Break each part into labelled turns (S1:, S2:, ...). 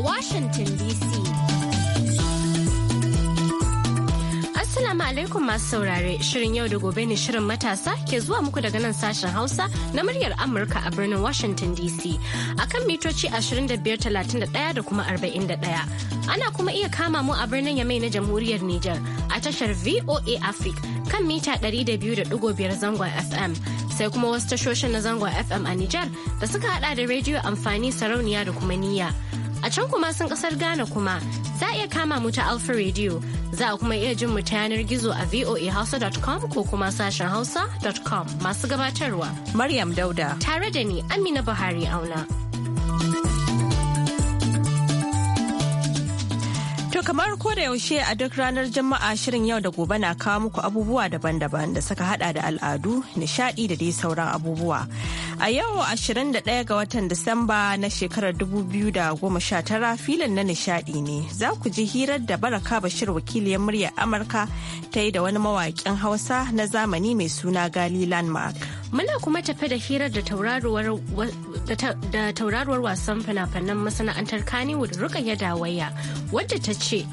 S1: Washington DC. Assalamu alaikum masu saurare shirin yau da gobe ne shirin matasa ke zuwa muku daga nan sashen Hausa na muryar Amurka a birnin Washington DC akan mitoci 2531 da kuma 41. Ana kuma iya kama mu a birnin Yamai na Jamhuriyar Nijar a tashar VOA Africa kan mita 200.5 zangon FM. sai kuma wasu tashoshin na zangon FM a Nijar da suka hada da rediyo amfani sarauniya da kuma niyya. A can kuma sun kasar Ghana kuma za a iya kama mu ta Alpha Radio za a kuma iya jin mu ta yanar gizo a voahausa.com ko kuma sashen hausa.com masu gabatarwa. Maryam Dauda. Tare da ni Amina Buhari auna.
S2: To kamar ko da yaushe a duk ranar jama'a shirin yau da gobe na kawo muku abubuwa daban-daban da suka hada da al'adu, nishadi da dai sauran abubuwa. A yau 21 ga watan Disamba na shekarar 2019 filin na nishadi ne za ku ji hirar da baraka bashir wakiliyar muryar Amurka ta yi da wani mawaƙin Hausa na zamani mai suna Gali Landmark.
S1: Muna kuma tafe da hirar da tauraruwar wasan fina-finan masana'antar Kaniwood Rukayya Dawaya wadda ta ce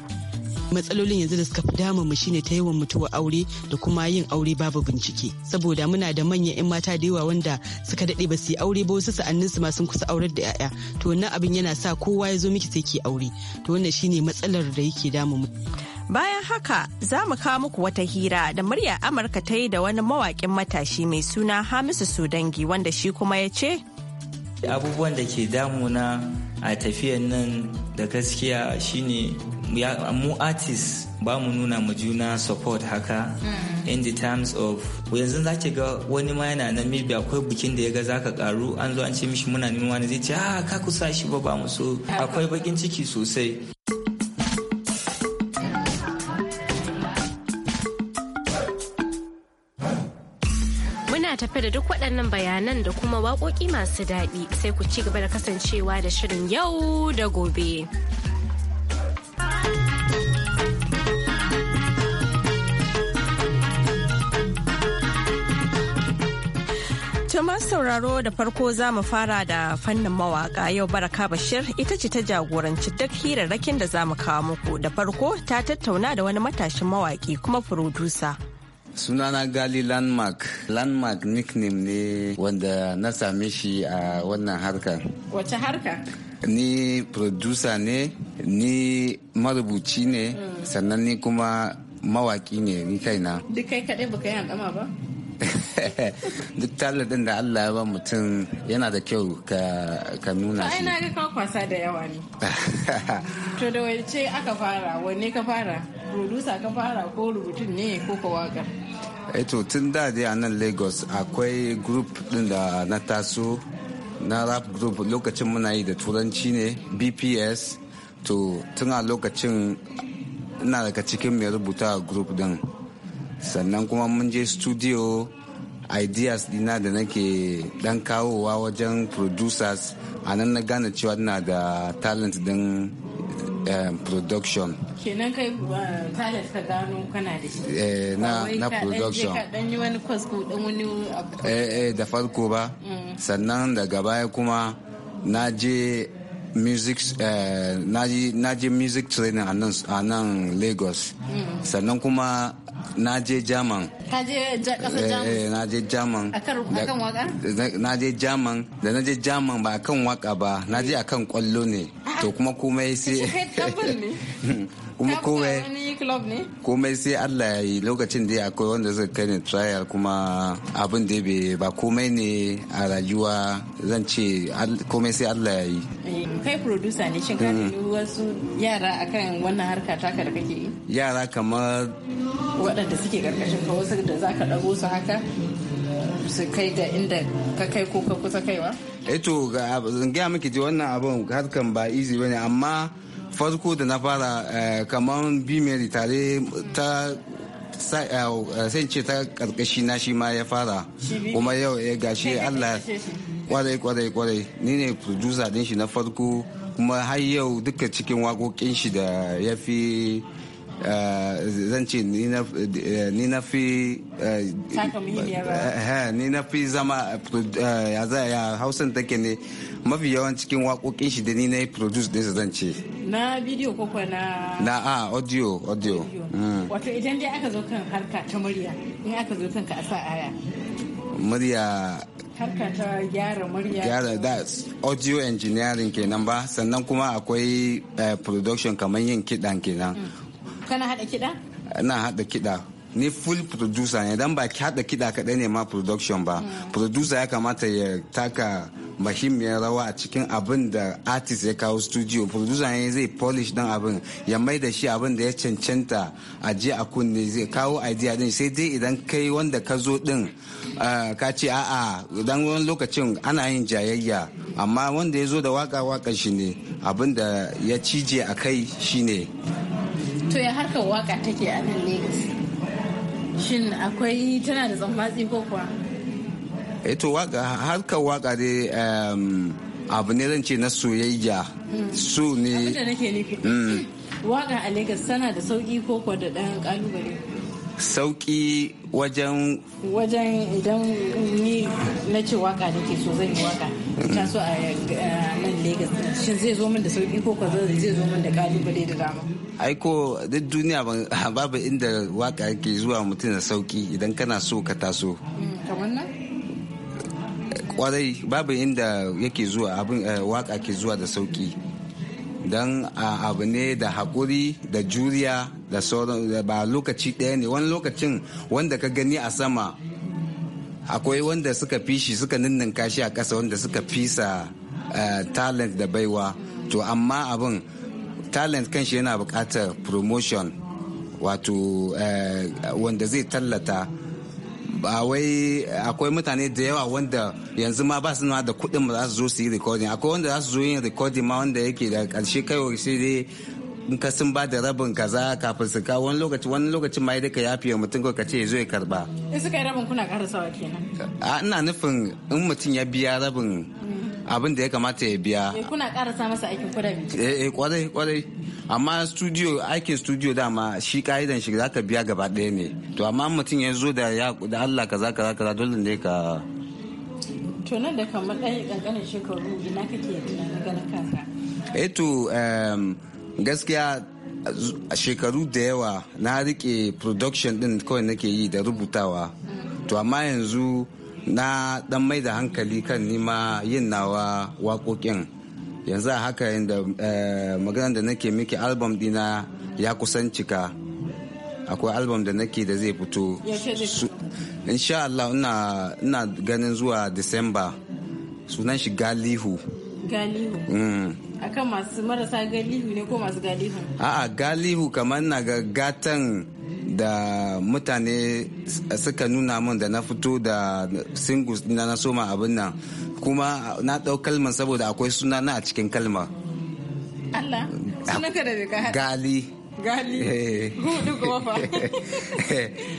S3: matsalolin yanzu da suka fi damun mu shine ta yawan mutuwa aure da kuma yin aure babu bincike saboda muna da manyan 'yan mata da yawa wanda suka dade ba su yi aure ba wasu sa'annin su ma sun kusa aurar da 'ya'ya to wannan abin yana sa kowa ya zo miki sai ki aure to wannan shine matsalar da yake damun mu
S2: Bayan haka za mu kawo muku wata hira da murya Amurka ta yi da wani mawaƙin matashi mai suna Hamisu Sudangi wanda shi kuma ya ce.
S4: Abubuwan da ke damuna a tafiyan nan da gaskiya shine mu artist ba mu nuna mu juna support haka mm. in the terms of yanzu za ga wani ma yana na maybe akwai bikin da ya ga zaka karu an zo an ce mishi muna neman wani zai ce ah ka kusa shi ba ba mu so akwai bakin ciki sosai
S1: tafe da duk waɗannan bayanan da kuma waƙoƙi masu daɗi sai ku ci gaba da kasancewa da shirin yau da gobe.
S2: To masu sauraro da farko za mu fara da fannin mawaka yau baraka bashir ita ce ta jagoranci duk hirarrakin da za mu kawo muku da farko ta tattauna da wani matashin mawaki kuma furodusa.
S5: sunana gali landmark landmark nickname ne wanda na same shi a wannan harka
S6: wace harka
S5: ni producer ne ni marubuci ne mm. sannan ni kuma mawaki ne ni kaina
S6: duk kai kaɗai baka yi handama ba
S5: duk talar din da Allah ya ba mutum yana da kyau ka nuna shi.
S6: ina ga kawo kwasa da yawa ne. To da wace aka fara wanne ka fara? Producer ka fara ko rubutun ne ko ka waka?
S5: Eh to tun da dai a nan Lagos akwai group din da na taso na rap group lokacin muna yi da turanci ne BPS to tun a lokacin ina daga cikin mai rubuta group din sannan kuma mun je studio ideas dina da nake dan kawowa wajen producers a nan na gane cewa na da talent din um, production
S6: kenan kai talent ka gano kana da shi eh, na, na production dan yi wani course ko dan wani
S5: eh, eh, da farko ba mm. sannan daga baya kuma na je music uh, na je music training a nan lagos mm. sannan kuma na je jaman na
S6: je
S5: jaman na je jaman da na je jaman ba akan waka ba na je akan kwallo ne to kuma komai sai kuma komai komai sai Allah ya yi lokacin da akwai wanda zai kai ni trial kuma abin da bai ba komai ne a rayuwa zan ce komai sai Allah ya yi
S6: eh, kai producer ne shin ka mm. wasu yara akan wannan harka taka da kake yi
S5: yara kamar
S6: waɗanda suke karkashin ka wasu da zaka dago su haka su kai da inda ka kai ko ka kusa kaiwa
S5: eto eh ga gaya miki wannan abin harkan ba easy bane amma farko da na fara eh, kamar bi tare ta eh, sai ta karkashi na shi ma ya fara kuma yau ya eh, gashi allah kwarai kwarai kwarai ni ne producer din shi na farko kuma har yau duka cikin waƙoƙin shi da ya fi zan ce ni na fi eh, eh,
S6: eh,
S5: ni na fi zama ya za ya hausan take ne mafi yawan cikin waƙoƙin shi da ni na yi produce ɗinsa zan ce
S6: na video ko na
S5: na a audio audio mm.
S6: wato idan dai aka zo kan harka ta murya in aka zo kan ka a sa aya
S5: murya
S6: harka ta gyara murya gyara
S5: da audio engineering kenan ba sannan kuma akwai production kamar yin kiɗan kenan
S6: mm. kana hada kida.
S5: ina hada kida ni full producer ne dan ba ki hada kida kadai ne ma production ba hmm. producer ya kamata ya taka mahimmiyar rawa a cikin abin da artist ya kawo studio producer ne zai polish dan abin ya mai da shi abin da ya cancanta a je a kunne zai kawo idea din sai dai idan kai wanda ka zo din eh, ka ce a'a dan wani lokacin ana yin jayayya amma wanda ya zo da waka waka shi ne abin da ya cije a kai shi ne
S6: to ya harkar waka take a nan Legas? Shin akwai tana da tsammatsi ko kuwa?
S5: eto eh to waka harkar waka dai abu ne zan ce na soyayya hmm. su ne. Hmm.
S6: Waka a Legas tana da sauki ko kuwa da ɗan kalubale?
S5: sauki wajen
S6: wajen idan ni na ce waka da ke so zai yi waka ta so a nan Legas shin zai zo min da sauki ko zai zo min da kalubale da dama
S5: aiko duk duniya babu inda waka ke zuwa mutum da sauki idan kana so ka taso mm, kwarai babu inda yake zuwa abin eh, waka ke zuwa da sauki don ah, abu ne da haƙuri da juriya da sauran ba lokaci ɗaya ne wani lokacin wanda ka gani a sama akwai wanda suka fi shi suka ninninka shi a ƙasa wanda suka fisa eh, talent da baiwa to amma abin talent kan shi yana buƙatar promotion wato eh, wanda zai tallata ba wai akwai mutane da yawa wanda yanzu ma ba su na da kuɗin ba za su zo su yi recording akwai wanda za su zo yin recording ma wanda yake da ƙarshe kai sai dai in ka sun ba da rabin kaza kafin su kawo wani lokaci wani lokacin ma duka ya fiye mutum ko ka ce zo ya karba
S6: in suka yi rabin kuna karasawa kenan
S5: a ina nufin in mutum ya biya rabin abin da ya kamata ya biya
S6: eh, kuna karasa masa aikin kudabi
S5: eh, eh kwarai kwarai amma studio aikin studio dama shi ka'idan shi zaka biya gaba ɗaya ne to amma mutum ya zo da ya da Allah kaza kaza kaza dole ne ka
S6: to nan da kamar ɗan ƙanƙanin shekaru ina kake na ganin kaka.
S5: eh to gaskiya a shekaru da yawa na rike production din kawai nake yi da rubutawa to amma yanzu na dan mai da hankali kan nima yin nawa waƙoƙin yanzu a haka yadda eh, maganar da nake miki album dina ya kusan cika akwai album da nake da zai fito insha Allah ina ganin zuwa Disamba sunan shi galihu galihu mm.
S6: akan masu marasa galihu ne ko masu galihu
S5: a'a galihu kamar na ga gatan da mutane suka nuna min da na fito da singles na na soma abin nan kuma na ɗau kalmar saboda akwai suna na a cikin kalmar
S6: Allah sunanka da bai ka gali gali hudu kuma fa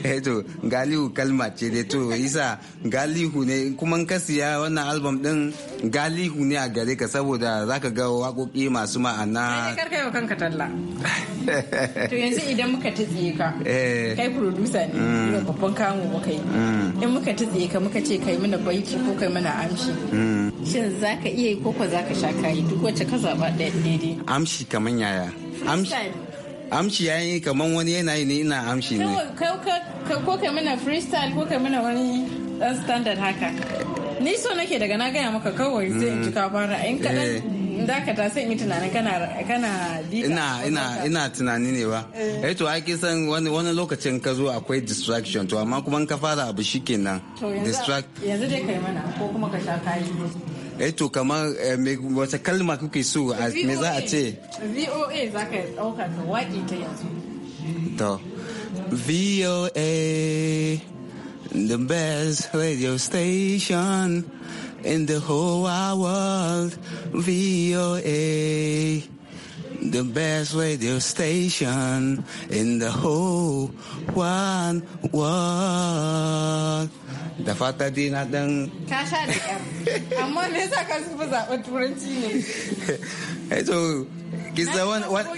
S5: eh to galihu kalma ce dai to isa galihu ne kuma ka siya wannan album din galihu ne a gare ka saboda zaka ga waƙoƙi masu ma'ana
S6: kai kai wa kanka talla to yanzu idan muka tsiye ka eh. kai producer ne mm. babban kamu muka yi
S5: mm.
S6: in muka tsiye ka muka ce kai mana baiti ko kai mana amshi mm. shin zaka iya yi ko ko zaka sha kai duk wacce ka zaba daidai
S5: amshi kaman yaya amshi amshi ya yi kamar wani yanayi ne ina amshi ne
S6: ko kai mana freestyle ko kai mana wani dan standard haka ni so nake daga na gaya maka kawai zai yi ji fara in kaɗan da ka eh. ta sai yi tunanin kana kana ina ina
S5: ina tunani ne ba eh, eh to ai san wani wani lokacin ka zo akwai distraction to amma kuma in ka fara abu shikenan distract
S6: yanzu dai kai mana ko kuma ka sha kayi
S5: Eh, kamar eh, wata kalma kuke so me za a ce
S6: VOA za ka ɗauka ka ta
S5: yanzu VOA the best radio station in the whole wide world VOA the best radio station in the whole wide world da fata dai na dan
S6: ka sha da yar amma me yasa ka su
S1: zaɓen turanci ne
S5: eh to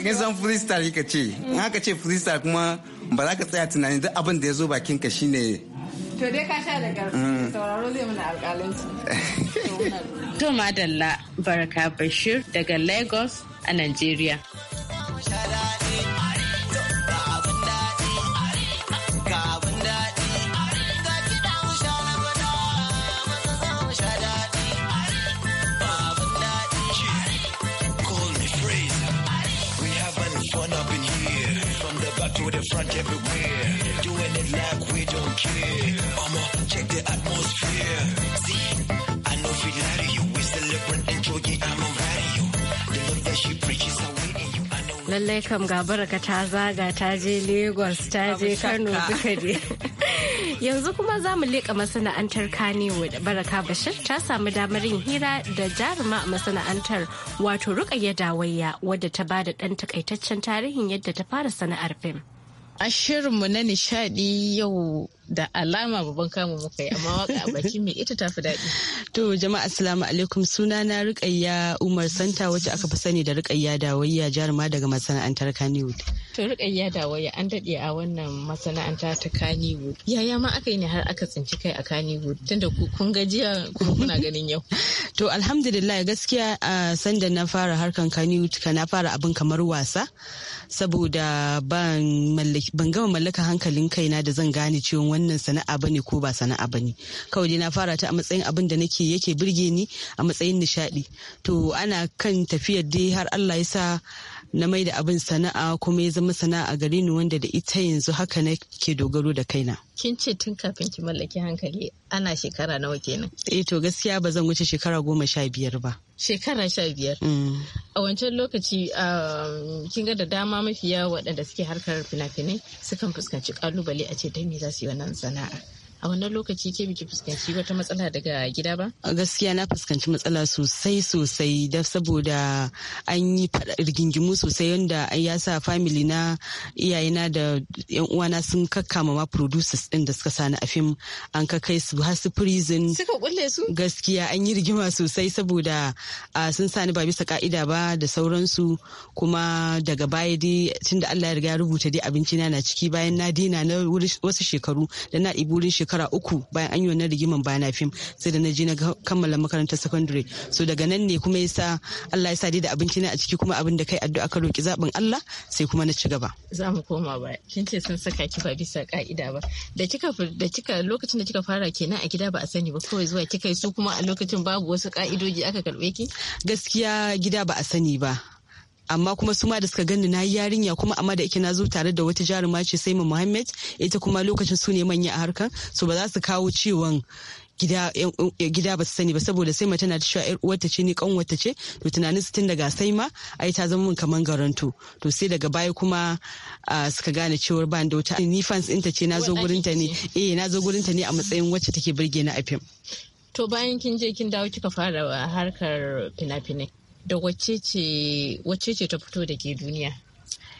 S5: kisan freestyle kika ce in aka ce freestyle kuma ba za ka tsaya tunani duk abin da ya zo bakin ka shine
S6: to dai ka sha da ƙarfi mm. sauraro zai mana alƙalanci to madalla baraka bashir daga lagos a nigeria
S1: don't care. I'ma check the atmosphere. See, I know you, we celebrate
S4: and I'm radio. The love that she preaches,
S1: Lallai kam ga baraka ta zaga ta je Lagos ta je Kano duka dai. Yanzu kuma za mu leƙa masana'antar Kannywood Baraka Bashir ta samu damar yin hira da jaruma a masana'antar wato Rukayya Dawayya wadda ta bada ɗan takaitaccen tarihin yadda ta fara sana'ar fim.
S6: ashirinmu na nishadi yau da alama babban kamun muka yi amma waka a baki mai ita tafi daɗi.
S3: To jama'a assalamu alaikum suna na rikayya Umar Santa wacce aka fi sani da Rukayya Dawayya jaruma daga masana'antar Kannywood.
S6: To Rukayya Dawayya an daɗe a wannan masana'anta ta Kannywood. Yaya ma aka yi ne har aka tsinci kai a Kannywood tunda kun gajiya ko kuna ganin yau.
S3: To alhamdulillah gaskiya a sanda na fara harkan Kannywood ka na fara abin kamar wasa saboda ban gama mallaka hankalin kaina da zan gane ciwon wani wannan sana'a bane ko ba sana'a bane kawai dai na fara ta a matsayin abin da nake yake birge ni a matsayin nishadi to ana kan tafiyar dai har Allah ya sa na mai da abin sana'a kuma ya zama sana'a gare ni wanda da ita yanzu haka na ke dogaro da kaina.
S6: Kin ce tun kafin ki mallaki hankali ana shekara nawa kenan?
S3: Eh to gaskiya ba zan wuce shekara goma sha biyar ba.
S6: Shekara sha biyar. Mm. A wancan lokaci um, kin ga da dama mafiya waɗanda suke harkar fina-finai sukan fuskanci ƙalubale a ce ta me za su yi wannan sana'a. a wannan lokaci ke biki fuskanci wata matsala daga gida ba
S3: gaskiya na fuskanci matsala sosai sosai da saboda an yi rigingimu sosai yadda ya sa famili na iyayena da yan uwana sun kakkama ma producers din da suka sani a fim an ka kai su har su prison suka kulle su gaskiya an yi rigima sosai saboda sun sani ba bisa ka'ida ba da sauransu kuma daga baya dai tunda Allah ya riga rubuta dai abinci na na ciki bayan na dina na wasu shekaru da na ibi wurin shekaru shekara uku bayan an yi wannan rigiman bana fim sai da na je na kammala makarantar secondary so daga nan ne kuma yasa Allah ya sa dai da abinci na a ciki kuma abin da kai addu'a ka roki zabin Allah sai kuma na ci gaba
S6: za mu koma ba kin ce sun saka ki ba bisa ka'ida ba da kika da kika lokacin da kika fara kenan a gida ba a sani ba kawai zuwa kika su kuma a lokacin babu wasu ka'idoji aka karbe
S3: ki gaskiya gida ba a sani ba amma kuma su ma da suka gani na yi yarinya kuma amma da ake na zo tare da wata jaruma ce sai mu Muhammad ita kuma lokacin su ne manya a harkar so ba za su kawo ciwon gida gida ba su sani ba saboda sai mata na ta yar uwarta ce ni wata ce to tunanin su tun daga sai ma ai ta zama min kaman garanto to sai daga baya kuma suka gane cewar ban da wata ni fans ta ce na zo gurin ta ne eh na zo gurin ta ne a matsayin wacce take burge na a fim
S6: to bayan kin je kin dawo kika fara harkar fina-finai da wacece ta fito da ke duniya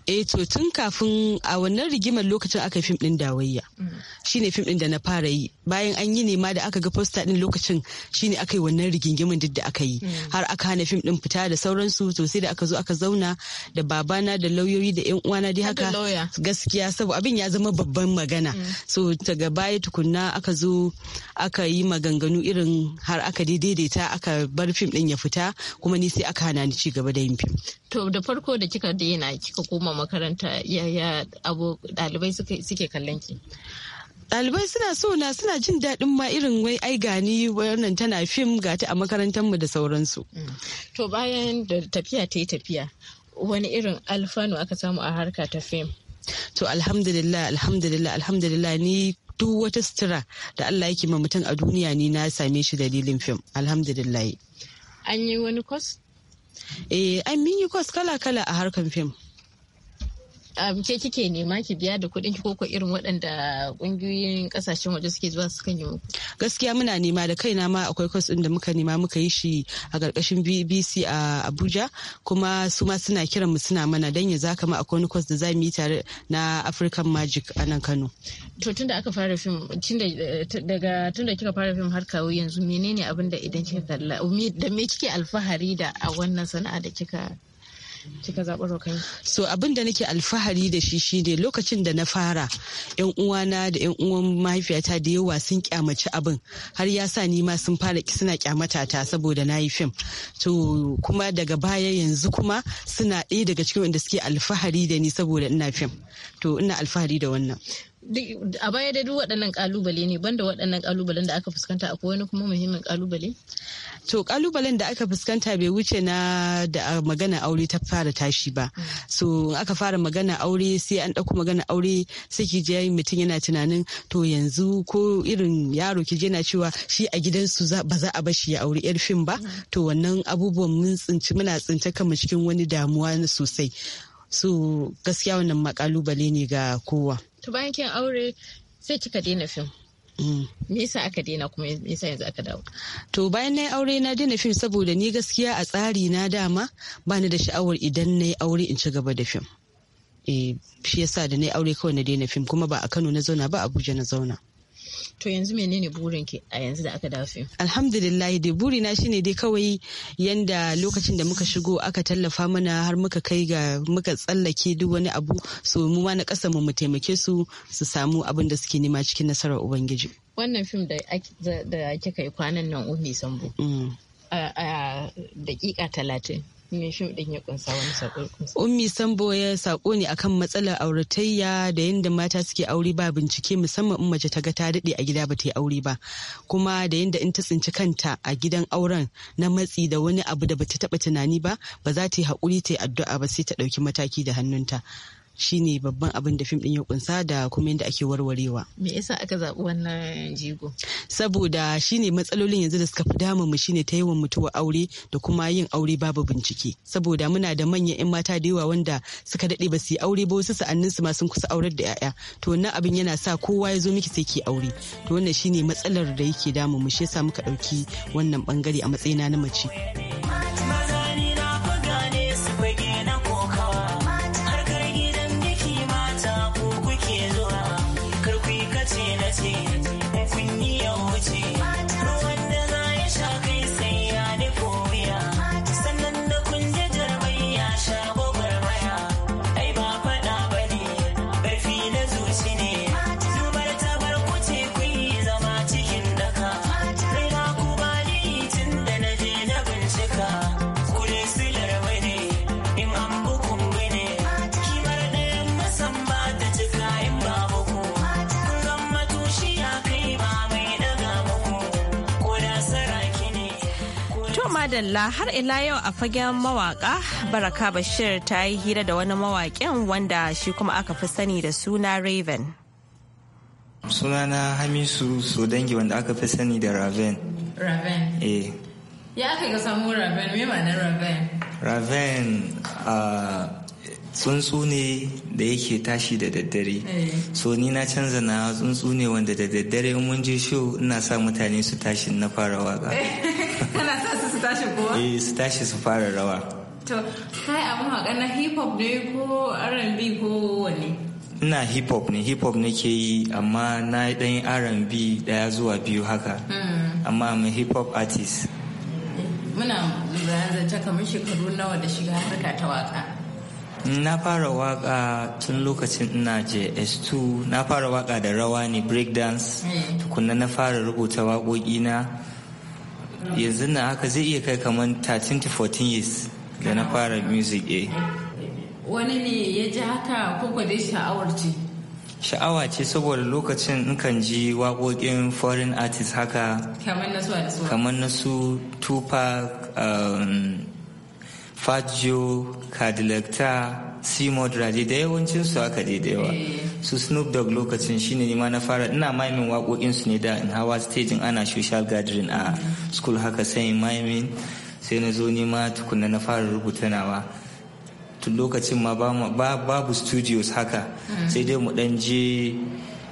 S3: eh to tun kafin a wannan rigimar lokacin aka yi fim din dawayya mm. shine fim din da na fara yi bayan an yi nema da aka ga posta din lokacin shine aka yi wannan rigingimin duk da aka yi mm. har aka hana fim din fita da sauransu to sai da aka zo aka zauna da babana da lauyoyi da yan uwana dai haka gaskiya saboda abin ya zama babban magana mm. so daga baya tukunna aka zo aka yi maganganu irin har aka daidaita aka bar fim din ya fita kuma ni sai aka hana ni ci gaba da yin fim
S6: to da farko da kika daina kika koma gama makaranta yaya abu ɗalibai suke kallon ki
S3: ɗalibai suna so na suna jin daɗin ma irin wai ai gani wannan tana fim ta a makarantar mu da sauransu mm.
S6: to bayan da tafiya ta yi tafiya wani irin alfanu aka samu a
S3: harka ta fim to alhamdulillah alhamdulillah alhamdulillah ni duk wata sutura da Allah yake ma mutum a duniya ni na same shi dalilin fim alhamdulillah an yi wani kwas eh an min yi kwas kala kala a harkar fim
S6: um, ke kike nema ki biya da kuɗin ki ko ko irin waɗanda ƙungiyoyin ƙasashen waje suke zuwa su kan yi muku.
S3: Gaskiya muna nema da kaina ma akwai kwas ɗin da muka nema muka yi shi a ƙarƙashin BBC a Abuja kuma su ma suna kiran mu suna mana dan ya zaka ma akwai wani kwas da za mu yi tare na African Magic a nan Kano.
S6: To tunda aka fara fim tunda eh, daga tunda kika fara fim har kawo yanzu menene abin da idan kika kalla da me kike alfahari da a wannan sana'a da kika kika zaɓar kai
S3: so abin da nake alfahari da shi shine lokacin da na fara yan uwana da yan uwan mahaifiyata da yawa sun kyamaci abin har ya sa ni ma sun fara suna kyamata ta saboda na yi fim to kuma daga baya yanzu kuma suna ɗaya daga cikin wanda suke alfahari da ni saboda ina fim to ina alfahari da wannan
S6: a baya da duk waɗannan kalubale ne banda waɗannan kalubalen da aka fuskanta akwai wani kuma muhimmin kalubale
S3: to kalubalen da aka fuskanta bai wuce na da magana aure ta fara tashi ba mm. so aka fara magana aure sai an ɗauko magana aure sai ki je mutum yana tunanin to yanzu ko irin yaro ki je na cewa shi a gidansu ba za a bashi ya aure yar fim ba mm. to wannan abubuwan mun tsinci muna tsince kama cikin wani damuwa sosai so gaskiya wannan makalubale ne ga kowa
S6: to bayan kin aure sai kika daina fim
S3: nisa mm. aka daina kuma nisa yanzu aka dawo to bayan na aure na daina fim saboda ni gaskiya a tsari na dama bani da sha'awar idan na aure in ci gaba da fim eh, shi yasa da na yi aure kawai na daina fim kuma ba a Kano na zauna ba Abuja na zauna to yanzu menene burin ki a yanzu da aka dafe alhamdulillah dai na shine dai kawai yanda lokacin da muka shigo aka tallafa mana har muka kai ga muka tsallake duk wani abu so mu ma na kasa mu mu taimake su su samu abin da suke nema cikin nasarar ubangiji
S6: wannan fim da kika yi kwanan nan umi sambo mm. a dakika talatin
S3: sako ummi sambo ya sako ne akan matsalar auratayya da yadda mata suke aure ba bincike musamman in mace ta ga ta daɗe a gida ba ta yi aure ba kuma da yadda in ta tsinci kanta a gidan auren na matsi da wani abu da bata taɓa tunani ba ba za ta yi haƙuri ta yi addu'a ba sai ta ɗauki mataki da hannunta shine babban abin da fim din ya kunsa da kuma yadda ake warwarewa
S6: me yasa aka zaɓi wannan jigo
S3: saboda shine matsalolin yanzu da suka fi damun mu shine ta yawan mutuwa aure da kuma yin aure babu bincike saboda muna da manyan yan mata da yawa wanda suka daɗe ba su yi aure ba wasu sa'annin su ma sun kusa aurar da 'ya'ya to wannan abin yana sa kowa ya zo miki sai ke aure to wannan shine matsalar da yake damun mu shi yasa muka ɗauki wannan bangare a matsayina na mace.
S2: madalla har ila yau a fagen mawaka baraka bashir ta yi hira da wani mawaƙin wanda shi kuma aka fi sani da suna raven
S4: Suna na hamisu dangi wanda aka fi sani da raven raven eh
S2: ya aka ga samu raven
S6: me ma'anar raven
S4: raven a tsuntsu ne da yake tashi da daddare eh. so ni na canza na tsuntsu ne wanda da daddare in mun je show ina sa mutane su tashi na fara waka kana sa su su tashi kuwa eh su tashi su fara rawa
S6: to kai abin magana na hip hop ne ko R&B ko wani
S4: ina hip hop ne hip hop nake yi amma na yi dan R&B daya zuwa biyu haka hmm. amma am hip hop artist
S6: muna zance kamar shekaru nawa da shiga harka ta waka
S4: na fara waka tun lokacin ina js2 na fara waka da rawa ne breakdance hmm. tukunna na fara rubuta waƙoƙi na yanzu na haka zai iya kai kamar 13 to 14 years da na fara music a eh.
S6: wani ne ya ji haka ko dai sha'awar ce
S4: sha'awa ce saboda lokacin nkan ji waƙoƙin foreign artists haka kamar na su tupac um, fajio kadilakta simo da yawancinsu haka eh. daidaiwa. su snoop dogg lokacin shine ne ma na fara ina maimin waƙoƙin su ne da in hawa stajin ana social gathering a school haka sai in maimin sai na zo ma tukunna na fara rubuta nawa tun lokacin ma babu studios haka mm. sai dai mu dan je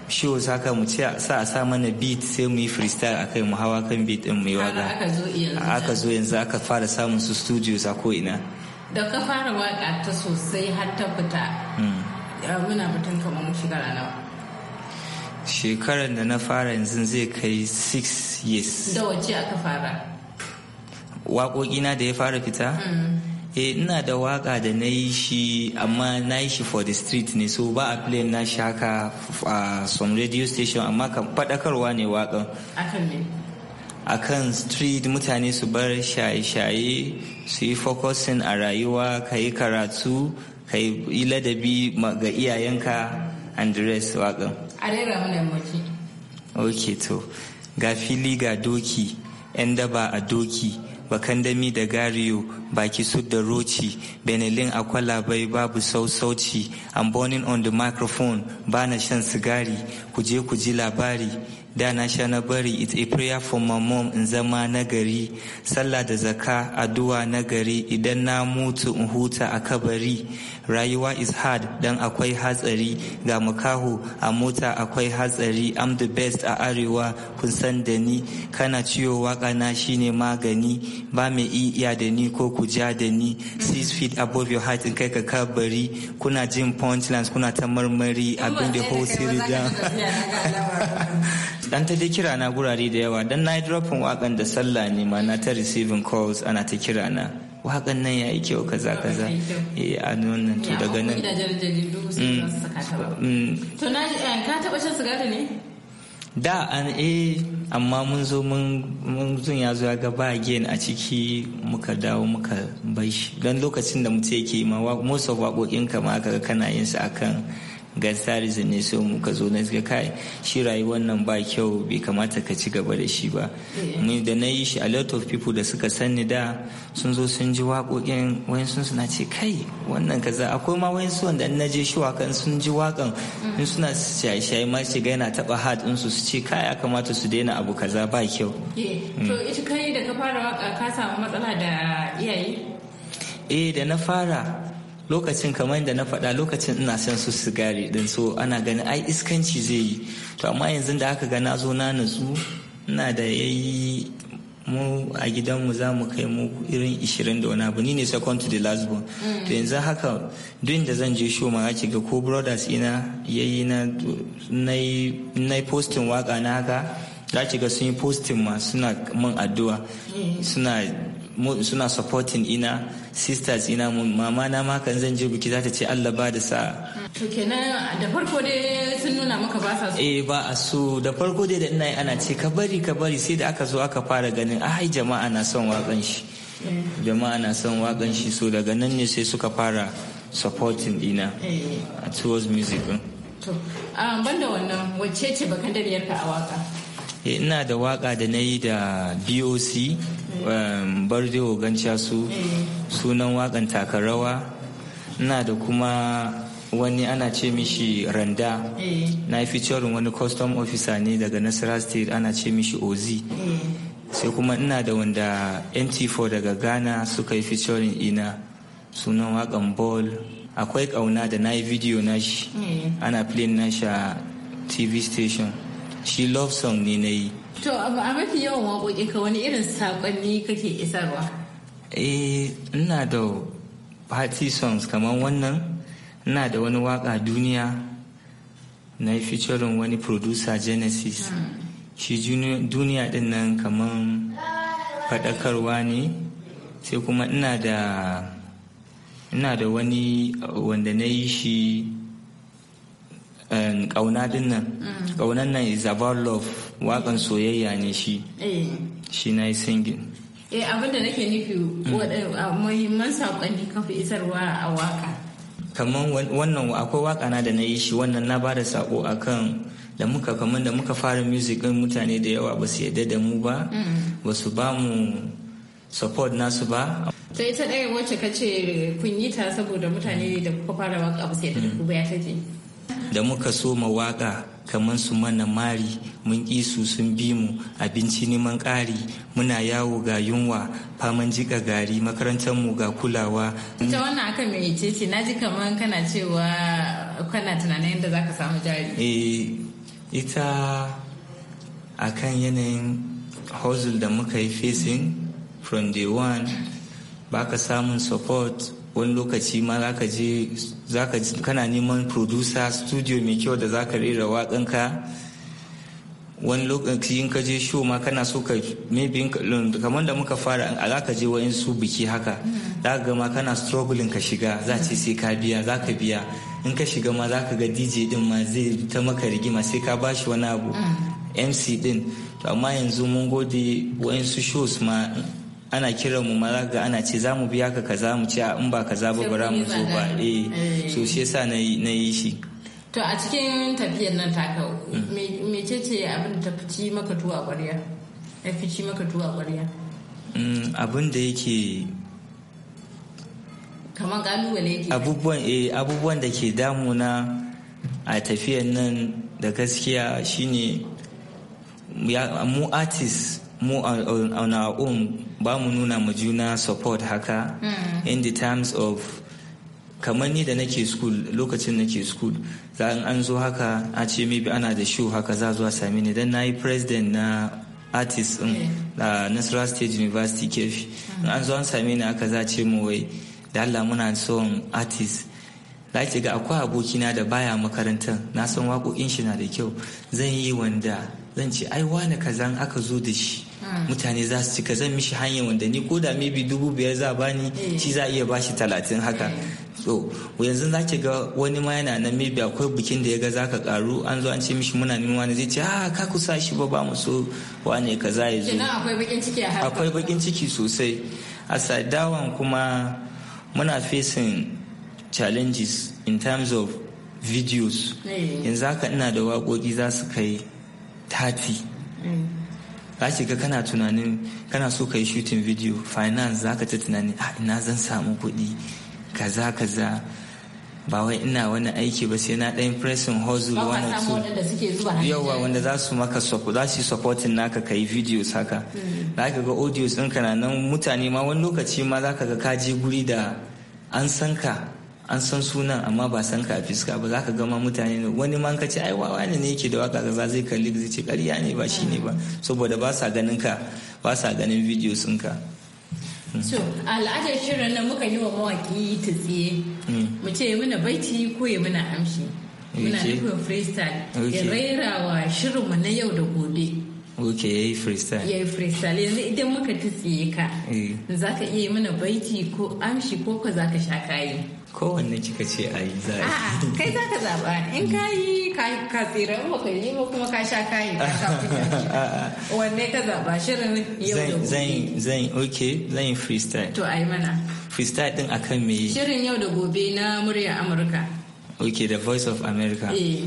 S4: show haka mu ce sa a sa mana beat sai mu yi freestyle a kai mu hawa kan beat din mai waka aka zo yanzu aka fara samun su studios a ko'ina
S6: da ka fara waka ta sosai har ta fita mm. muna batun kamar mu shekara nawa
S4: shekarar da na fara yanzu zai kai 6 years da wace
S6: aka fara
S4: waƙoƙina da ya fara fita mm. eh ina da waƙa da na yi shi amma na yi shi for the street ne so ba a play na shaka a some radio station amma kan faɗakarwa ne wakan akan street mutane su bar shaye-shaye su yi focusing a rayuwa ka yi karatu kai yi ladabi ga iyayenka andres wagan.
S6: a rera mana maki
S4: ok to ga fili ga doki 'yan daba a doki bakan dami da gariyo baki su da roci benelin a bai babu sausauci i'm burning on the microphone bana shan sigari kuje kuji labari da na sha na bari it's a prayer for my mom in zama nagari sallah da zaka addu'a nagari idan na mutu in huta a kabari rayuwa is hard dan akwai hatsari ga makaho a mota akwai hatsari i'm the best a arewa kun san da ni kana ciwo waka na shine magani ba mai iya da ni ko ku ja da ni six feet above your height in kai ka kabari kuna jin punchlines kuna ta marmari abin da whole series dan ta kira na gurare da yawa dan na yi dropin wakan da sallah ne ma na ta receiving calls ana ta kira na wakan nan ya yi kyau kaza kaza eh a nan to daga nan mm. mm.
S6: to na eh, ka taba shan sigari ne
S4: da an eh amma mun zo mun zun ya zo ya ga ba again a ciki muka dawo muka bai shi don lokacin da mutum yake ma most of ka ma aka ga kana yin su akan gasaris ne so mu ka zo na ga kai shi rayuwar nan ba kyau bai kamata ka ci gaba da shi ba mun eh. da na yi shi a lot of people da suka san ni da sun zo sun ji waƙoƙin sun suna ce kai wannan kaza akwai ma su wanda na je shi wakan sun ji wakan mm. in suna shaye-shaye ma shi ga yana taɓa hard din su ce kai ya kamata su daina abu kaza ba kyau.
S6: Eh. Mm. to ita kai da ka fara waka ka samu matsala da iyaye?
S4: eh da na fara lokacin kamar da na faɗa lokacin ina son su sigari din so ana gani ai iskanci zai yi to amma yanzu da aka ga na zo na nutsu ina da yayi mu a gidanmu za mu kai mu irin 20 da wani abu ni ne second to the last born mm. to yanzu haka duk da zan je show ma ake ga ko brothers ina yayi na na postin waka na haka za ga sun yi postin ma suna man addu'a mm. suna suna supporting ina sisters ina mama na ma kan zan je biki za ta ce Allah ba da sa'a
S6: to kenan da farko dai sun nuna maka ba
S4: sa so eh ba a so da farko dai da ina yi ana ce ka bari ka bari sai da aka zo aka fara ganin ai jama'a na son wakan shi eh. jama'a na son wakan shi so daga nan ne sai suka fara supporting ina a eh. towards music
S6: to ban da wannan wacce ce bakan ka a waka
S4: eh, ina da waka da na yi da boc barde ogancia su sunan wakan takarawa ina da kuma wani ana ce mishi randa na yi featuring wani custom officer ne daga nasara state ana ce mishi ozi sai kuma ina da wanda nt4 daga ghana suka yi featuring ina sunan wakan ball akwai kauna da na yi video na shi ana playing na shi a tv station shi love song ne na yi
S6: To a mafi yawan waƙoƙin ka wani irin saƙonni kake isarwa?
S4: Eh ina da party songs kamar wannan ina da wani waƙa duniya na yi featuring wani producer genesis hmm. shi duniya din nan kamar faɗakarwa ne sai kuma ina da ina da wani uh, wanda na yi shi um, ƙauna din nan hmm. ƙaunan nan is about love wakan soyayya ne shi eh. shi na yi singin
S6: eh abinda nake nufi mm. muhimman saƙonni kafin isarwa a waka
S4: kamar wannan akwai waka na da na yi shi wannan na ba da saƙo akan da muka kamar da muka fara music din mutane da yawa ba su yadda da mu ba mm. ba su ba mu support nasu ba
S6: to ita ɗaya wacce ka ce kun yi ta saboda mutane da kuka fara waka ba su yadda da ku ba ya je
S4: da muka soma waka kamar su mana mari mun isu sun bi mu abinci neman ƙari muna yawo ga yunwa faman jika gari makarantar mu ga kulawa.
S6: ita wannan akan mai ce na ji kamar kana cewa kana tunanin yadda za ka samu jari.
S4: eh ita akan yanayin hustle da muka yi facing from day one baka samun support wani lokaci ma zaka je zaka kana neman producer studio mai kyau da zaka rera waƙanka wani lokaci in ka je show ma kana so ka maybe kamar da muka fara a zaka je wa'in su biki haka zaka ga ma kana struggling ka shiga za ce sai ka biya za ka biya in ka shiga ma za ka ga dj din ma zai ta maka rigima sai ka bashi wani abu mc mm. din to amma yanzu mun gode wa'in su shows ma ana kiran mu maza ga ana ce za mu biya ka kaza mu ce in ba kaza ba bara mu zo ba eh, eh so shi yasa na yi shi
S6: to a cikin tafiyar nan taka mm. me ce ce abin da ta fici maka tuwa ƙwarya ya fici maka tuwa ƙwarya
S4: mm, abin da yake
S6: kamar kalubale yake
S4: abubuwan eh abubuwan da ke damuna a tafiyar nan da gaskiya shine mu artist mu on our own ba mu nuna mu juna support haka mm. in the terms of kamar ni da nake school lokacin nake school za an zo haka a ce maybe ana da show haka za zuwa sami ne dan na president na artist din mm. a nasarawa state university kefi mm. an zo an same ni aka za ce mu wai da allah muna son artist da ga akwai abokina da baya makarantar na san waƙoƙin shi na da kyau zan yi wanda zan ce ai wani kazan aka zo da shi Hmm. mutane za su cika zan mishi hanyar wanda ni ko da maybe dubu biyar za bani eh. shi za iya bashi talatin haka eh. so yanzu za ki ga wani ma yana nan maybe akwai bikin da ya ga za ka karu an zo an ce mishi muna neman wani zai ce ah ka kusa shi ba ba mu so ka za ya zo akwai
S6: bakin ciki akwai
S4: bakin ciki sosai a sadawan kuma muna facing challenges in terms of videos eh. yanzu haka ina da waƙoƙi za su kai 30 ka shiga ga kana tunanin kana so ka yi shooting video finance za ka ta tunani a ah, ina zan samu kuɗi kaza kaza ba wai ina wani aiki ba sai na ɗayan pressing hustle wani
S6: su yawa
S4: wanda za su maka za su supporting naka ka yi videos haka hmm. za ka ga audios ɗinka na nan mutane ma wani lokaci ma za ka ga ka guri da an sanka. an san sunan amma ba san ka a fiska ba za ka gama mutane ne wani man ka ce ai wani ne yake da waka kaza zai kalli zai ce karya ne ba shi ne ba saboda ba sa ganin ka ba sa ganin bidiyo sun ka
S6: mm. so al'adar shirin nan muka yi wa mawaki ta tsaye mm. mu ce muna baiti ko ya muna amshi muna nufin freestyle ya raira wa shirinmu na yau da gobe
S4: ok ya yi freestyle ya
S6: yi freestyle yanzu idan muka ta tsaye ka eh. za ka iya yi mana baiti ko amshi ko ka za ka sha kayi
S4: kowanne kika ce a yi za a
S6: yi kai za ka zaɓa in ka yi ka tsira ba ka yi ba kuma ka sha kayi wanne ka zaɓa shirin yau da
S4: gobe zan ok zan yi freestyle
S6: to ai mana
S4: freestyle din akan me
S6: shirin yau da gobe na murya amurka
S4: ok the voice of america eh.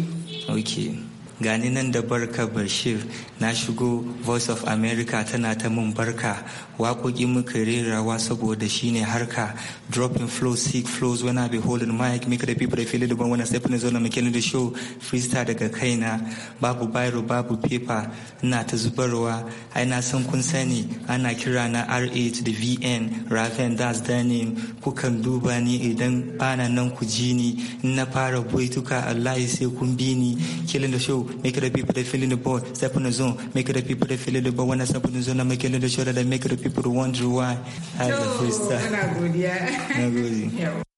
S4: ok gani nan da barka bashir na shigo voice of america tana ta mun barka waƙoƙi muka rerawa saboda shine harka dropping flow sick flows when i be holding mic make the people feel the when i step in the zone make the show freestyle daga kaina babu bairo babu paper ina ta zubarwa ai na san kun sani ana kira na r8 da vn raven das danim kukan duba ni idan bana nan ku ji ni na fara baituka Allah sai kun bi ni killing da show make it the people that feeling the boy, step on the zone, make the people that feeling the boy when I step on the zone, I make the show that I make the people wonder why. I have freestyle.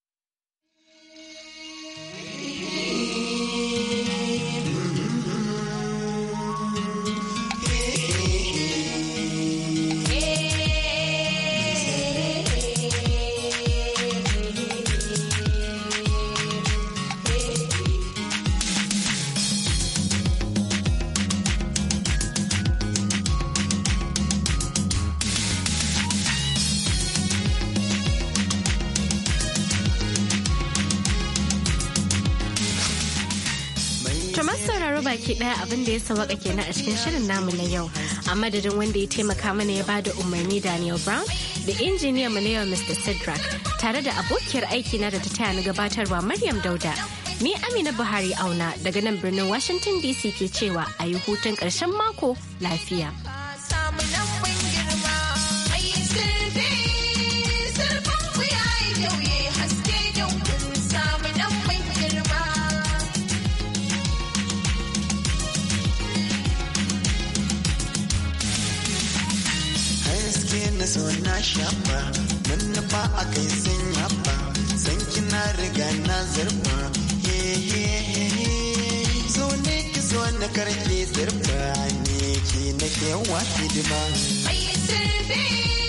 S1: daya abin da ya sawaka kenan a cikin shirin namu na yau a madadin wanda ya taimaka mana ya bada umarni daniel brown da injiniya mu na yau mr cedric tare da abokiyar aiki na da ta taya ni gabatarwa maryam dauda ni amina buhari auna daga nan birnin washington dc ke cewa a yi hutun ƙarshen mako lafiya.
S2: shafa nannafa
S5: a kai sun yafa san kina riga na zarfa he he ne ki na karke zarfa ne
S6: ki wa hidima
S2: mai zirfi!